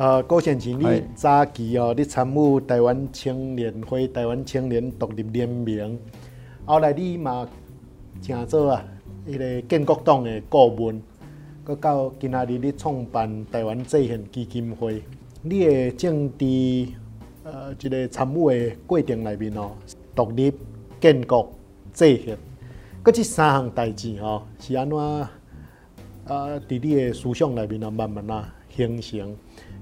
啊、呃，辜先生，你早期哦，你參與台灣青年會、台灣青年獨立聯盟，後來你嘛，成立啊，一個建國黨嘅顧問，佮到今仔日你創辦台灣制憲基金會，你嘅政治呃，一個參與嘅過程內面哦，獨立建國制憲，佮這三項代志吼，是安怎啊？呃，佇你嘅思想內面啊，慢慢啊形成。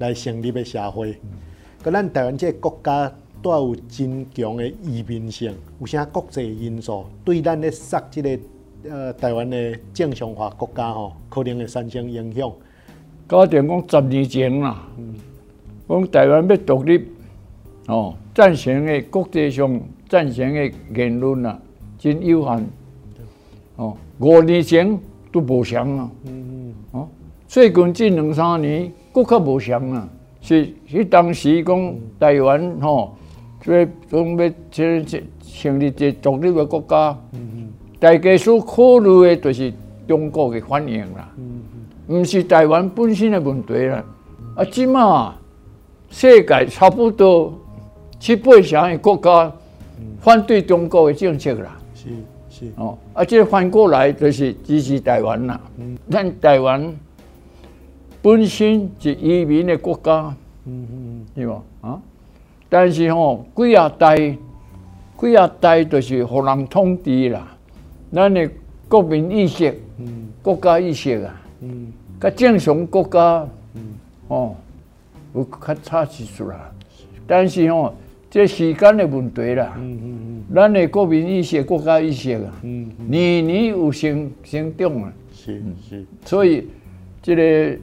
來成立嘅社會，個、嗯、咱台灣即個國家帶有真強嘅移民性，有些國際因素對咱咧殺即個呃台灣嘅正常化國家吼、哦，可能會產生影響。搞掂講十年前啦、啊，講、嗯、台灣要獨立，哦，贊成嘅國際上贊成嘅言論啊，真有限。嗯、哦，五年前都無、啊、嗯嗯，哦，最近近兩三年。不可無常啦是，是當時講台灣、哦，哈，做準備成立一獨立嘅國家，大家所考慮嘅就是中國嘅反應啦，唔、嗯嗯、是台灣本身嘅問題啦。嗯、啊，即係、啊、世界差不多七八成嘅國家反對中國嘅政策啦，是、嗯、是，哦，啊，即、這個、反過來就是支持台灣啦，嗯、但台灣。本身係移民嘅國家，係、嗯、嘛、嗯、啊？但是哦，幾啊代、幾啊代都是互人統治啦。咱嘅國民意識、嗯、國家意識啊，佢、嗯嗯、正常國家、嗯、哦，有較差之處啦。但是哦，即、這、係、個、時間嘅問題啦。咱、嗯嗯嗯、的國民意識、國家意識啊，嗯嗯、年年有升升漲啊是是，所以即係。這個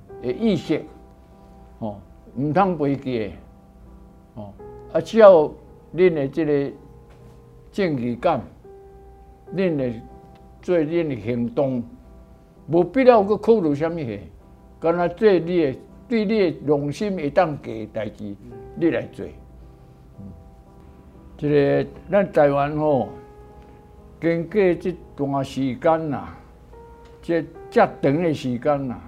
誒，意識，哦，唔通袂記誒，哦，啊，只要恁誒即個正義感，恁誒做恁的行動，無必要去考慮蝦米嘢，干那做你嘅，對你嘅良心會當嘅代志，你來做。即、嗯這個咱台灣哦，經過這段時間呐、啊，即、這、遮、個、長嘅時間呐、啊。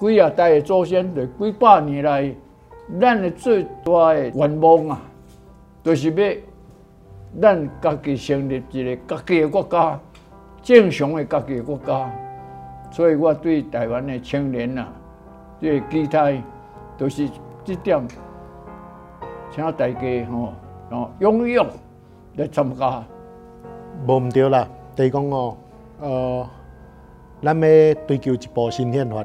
幾啊代的祖先就幾百年來，咱的最大嘅願望啊，就是要咱家己成立一個家己嘅國家，正常嘅家己嘅國家。所以我對台灣嘅青年啊，對期待，都、就是這點，請大家吼，哦，踴、哦、躍來參加，冇唔對啦。提講哦，呃，咱們要追求一部新憲法。